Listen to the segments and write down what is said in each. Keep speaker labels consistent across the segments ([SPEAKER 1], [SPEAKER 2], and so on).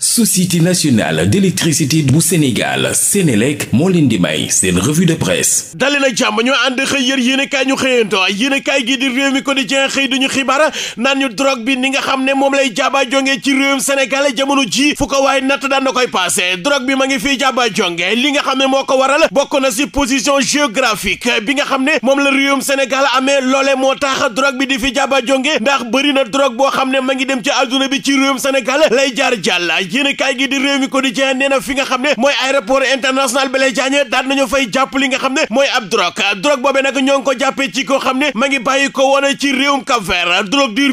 [SPEAKER 1] société nationale d'électricité bu Sénégal Sénélec moo leen di may seen revue de presse dali na jàmm ñu ànd xëy yër yéenekaay ñu xëyanto yéenekaay gi di réew mi quotidien xëy ñu xibaar naa ñu drogue bi ni nga xam ne moom lay jaaba jonge ci réewum Sénégal jamono ji fu ko waaye natt daan na koy paase drogue bi ma ngi fi jaaba jonge li nga xam ne moo ko waral bokk na si position géographique bi nga xam ne moom la réewum Sénégal amee loole moo tax drogue bi di fi jaaba jonge ndax bëri na drogue boo xam ne ma ngi dem ci àdduna bi ci réewum Sénégal lay jaar jàll yéen kaay gi di réew mi quotidien nee na fi nga xam ne mooy aéroport international Blaise Diagne daan nañu fay jàpp li nga xam ne mooy ab drogue drogue boobee nag ñoo koo xam ne ma ngi bàyyi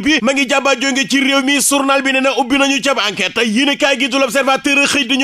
[SPEAKER 1] bi ma ngi jàbbaa jónge ci réew mi journal bi na ubbi nañu cab enquête yéen kaay bi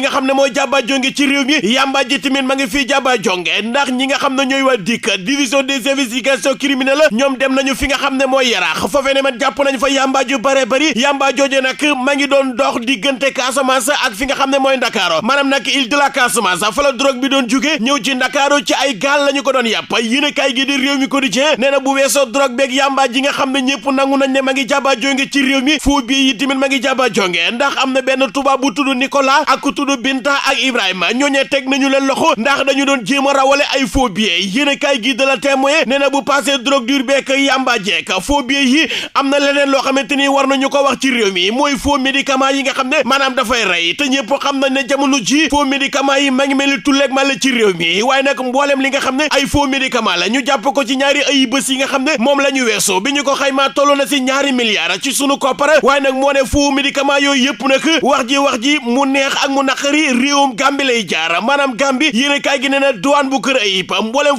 [SPEAKER 1] nga xam ne mooy jàbbaa jónge ci réew mi yàmbaa ji tamit ma ngi fii jàbbaa ndax ñi nga xam ne ñooy waa dikk division des investigations criminelles ñoom dem nañu fi nga xam ne mooy yaraax foofee ne man jàpp fa yàmbaa ju bare bari yàmbaa jooje nag ma ngi doon dox diggante Casamance ak fi nga xam ne mooy Ndakaaru maanaam nag île de la Casamance fa la bi doon jóge ñëw ci Ndakaaru ci ay gaal la ñu ko doon yàpp yéenekaay gi di réew mi quotidien nee na bu weesoo drogue beeg yàmbaa ji nga xam ne ñëpp nangu nañ ne ma ngi jàbba jonge ci réew mi foo bii yi tamit ma ngi jàbba jonge ndax am na benn tubaab bu tudd Nicolas ak ku tudd Binta ak Ibrahima ñooñee teg nañu leen loxo ndax dañu doon jéem a rawale ay faux billets yéenekaay gi de la témoin nee na bu passé drogue dure beeg yàmbaa jeek faux billets yi am na leneen loo xamante ni war nañu ko wax ci réew mi mooy faux médicament yi nga xam ne maanaam dafay rey te ñëpp xam nañ ne jamono ji faux médicament yi ma ngi mel ni tulleeg mala ci réew mi waaye nag mbooleem li nga xam ne ay faux médicament la ñu jàpp ko ci ñaari ay bés yi nga xam ne moom la ñu weesoo bi ñu ko xaymaa toll na si ñaari milliards ci sunu koppara waaye nag moo ne faux médicament yooyu yëpp nag wax ji wax ji mu neex ak mu naqari réewum Gàmbi lay jaara maanaam Gàmbi yéen a kaay gi nee na douane bu kër ayib mbooleem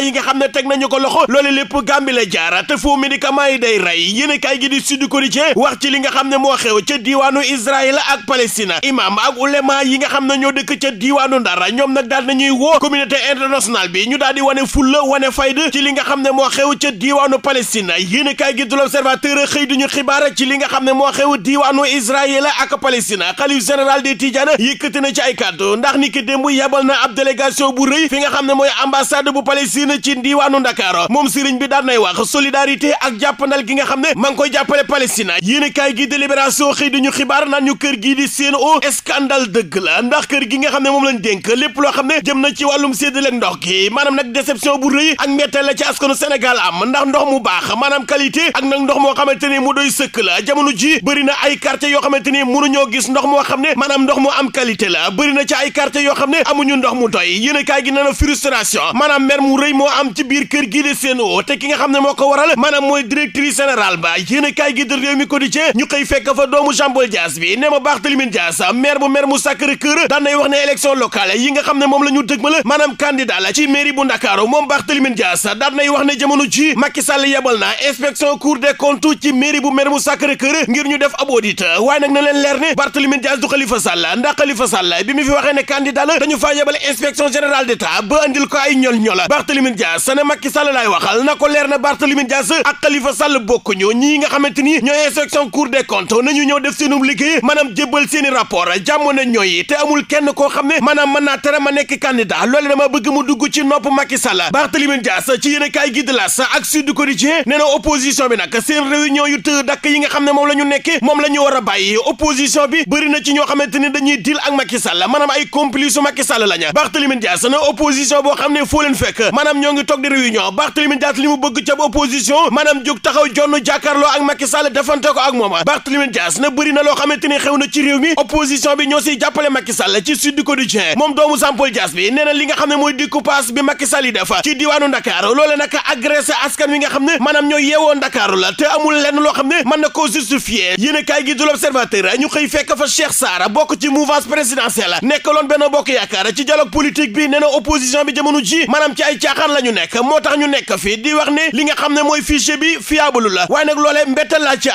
[SPEAKER 1] yi nga xam ne teg nañu ko loxo loolu lépp Gàmbi lay jaara te faux médicament yi day rey yéen a kaay gi di li nga xam moo xew ca diiwaanu Israël ak Palestine imaam ak ulema yi nga xam ne ñoo dëkk ca diiwaanu Ndar ñoom nag daal nañuy woo communauté internationale bi ñu daal di wane fulla wane fayda ci li nga xam ne moo xew ca diiwaanu Palestine yéen kaay gi du l'Observateur xëy duñu xibaar ci li nga xam ne moo xew diiwaanu Israël ak Palestine xalif général des Tidiane yëkkati ci ay kàddu ndax ni ki démb yabal na ab délégation bu rëy fi nga xam ne mooy ambassade bu Palestine ci diiwaanu Ndakaaru moom sëriñ bi daal nay wax solidarité ak jàppandal gi nga xam ne ma ngi koy jàppale Palestine libération xëy duñu xibaar naan ñu kër gii di o scandale dëgg la ndax kër gi nga xam ne moom lañ dénk lépp loo xam ne jëm na ci wàllum séddale ndox gi maanaam nag déception bu rëy ak mbetteel la ci askanu Sénégal am ndax ndox mu baax maanaam qualité ak nag ndox moo xamante ni mu doy sëkk la jamono ji bëri na ay quartier yoo xamante ni mënuñoo gis ndox moo xam ne maanaam ndox mu am qualité la bëri na ci ay quartier yoo xam ne amuñu ndox mu doy yéen gi na frustration maanaam mer mu rëy moo am ci biir kër gii di te ki nga xam ne moo ko waral maanaam mooy directrice générale ba yéen kaay gi ñu xëy fekk fa doomu Jean Paul Dias bi ne ma Barthélémy Dias maire bu maire mu Sacré-Cœur daan wax ne élection locale yi nga xam ne moom la ñu dëgmal maanaam candidat la ci mairie bu Ndakaaru moom Barthélémy Dias daan wax ne jamono ji Macky Sall yebal na inspection cour des comptes ci mairie bu maire mu Sacré-Cœur ngir ñu def ab waaye nag na leen leer ne Barthélémy Dias du Khalifa Sall ndax Khalifa Sall bi mu fi waxee ne candidat la dañu faa yebal compte nañu ñëw def seenum liggéey maanaam jébbal seeni rapport jàmmoon ñooy te amul kenn koo xam ne maanaam mën naa tere ma nekk candidat loole dama bëgg mu dugg ci nopp Macky Sall Barthélémy Dias ci yéen kaay gi de las ak Sud Quotidien nee na opposition bi nag seen réunion yu të dakk yi nga xam ne moom la ñu nekk moom la ñu war a bàyyi opposition bi bëri na ci ñoo xamante ni dañuy deal ak Macky Sall maanaam ay complice su Macky Sall na opposition boo xam ne foo leen fekk maanaam ñoo ngi toog maanaam jóg taxaw jonn jàkkaarloo ak Macky Sall defante ko ak Barthélémy Dias na bëri na loo xamante ni xew na ci réew mi opposition bi ñoo siy jàppale Macky Sall ci Sud Quotidien moom doomu Jean-Paul bi nee na li nga xam ne mooy découpage bi Macky Sall yi def ci diwaanu Dakar loole nag agressé askan wi nga xam ne maanaam ñoo yeewoo Dakar la te amul lenn loo xam ne mën na koo justifier yéen kaay gi du l'Observateur ñu xëy fekk fa Cheikh Sarr bokk ci mouvance présidentielle nekkaloon Benno Bokk Yaakaar ci dialogue politique la nekk moo tax ñu nekk ci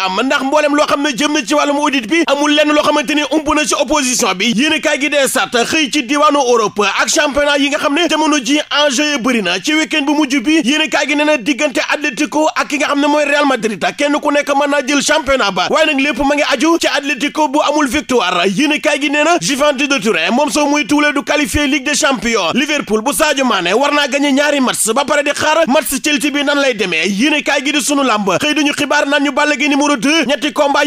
[SPEAKER 1] am xam ne jëm na ci wàllum audit bi amul lenn loo ni ump na ci opposition bi yéen a gi dee sat xëy ci diwaanu Europe ak championnat yi nga xam ne jamono ji enjeu yi bëri na ci week-end bu mujj bi yéen a gi nee diggante Atlético ak ki nga xam ne mooy Real Madrid kenn ku nekk mën na jël championnat ba waaye nag lépp ma ngi aju ci Atlético bu amul victoire yéen a gi nee na Juventus de Turin moom soo muy tuulee du qualifié Ligue des Champions a kaay gi di sunu làmb xëy duñu xibaar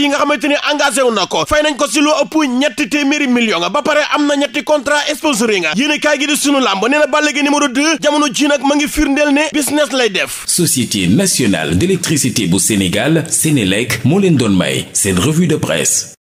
[SPEAKER 1] yi nga xamante ni engagé wu na ko fay nañ ko si lu ëpp ñetti téeméeri million ba pare am na ñetti contrat sponsoring yéene kaay gi di sunu làmb nee na Balla Gaye numéro 2 jamono ji nag ma ngi firndeel ne business lay def Société nationale d'électricité bu Sénégal Sénélec moo leen doon may seen revue de presse